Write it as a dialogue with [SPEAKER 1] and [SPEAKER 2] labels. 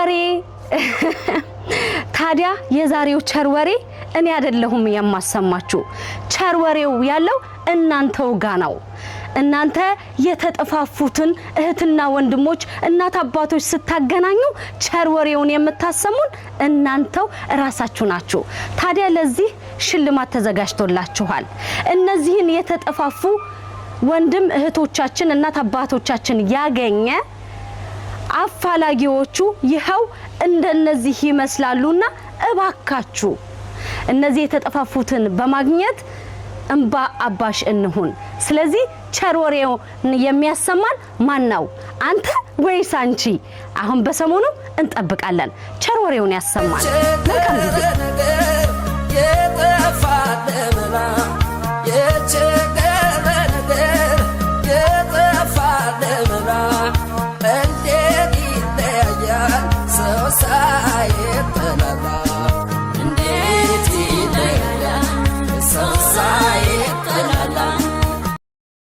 [SPEAKER 1] ወሬ ታዲያ የዛሬው ቸር ወሬ እኔ አይደለሁም የማሰማችሁ። ቸር ወሬው ያለው እናንተው ጋ ነው። እናንተ የተጠፋፉትን እህትና ወንድሞች፣ እናት አባቶች ስታገናኙ ቸር ወሬውን የምታሰሙን እናንተው እራሳችሁ ናችሁ። ታዲያ ለዚህ ሽልማት ተዘጋጅቶላችኋል። እነዚህን የተጠፋፉ ወንድም እህቶቻችን፣ እናት አባቶቻችን ያገኘ አፋላጊዎቹ ይኸው እንደነዚህ ይመስላሉና እባካችሁ እነዚህ የተጠፋፉትን በማግኘት እንባ አባሽ እንሁን። ስለዚህ ቸር የሚያሰማን ማን ነው? አንተ ወይስ አንቺ? አሁን በሰሞኑ እንጠብቃለን። ቸር ወሬውን ያሰማን። ሰው ሳይጠላ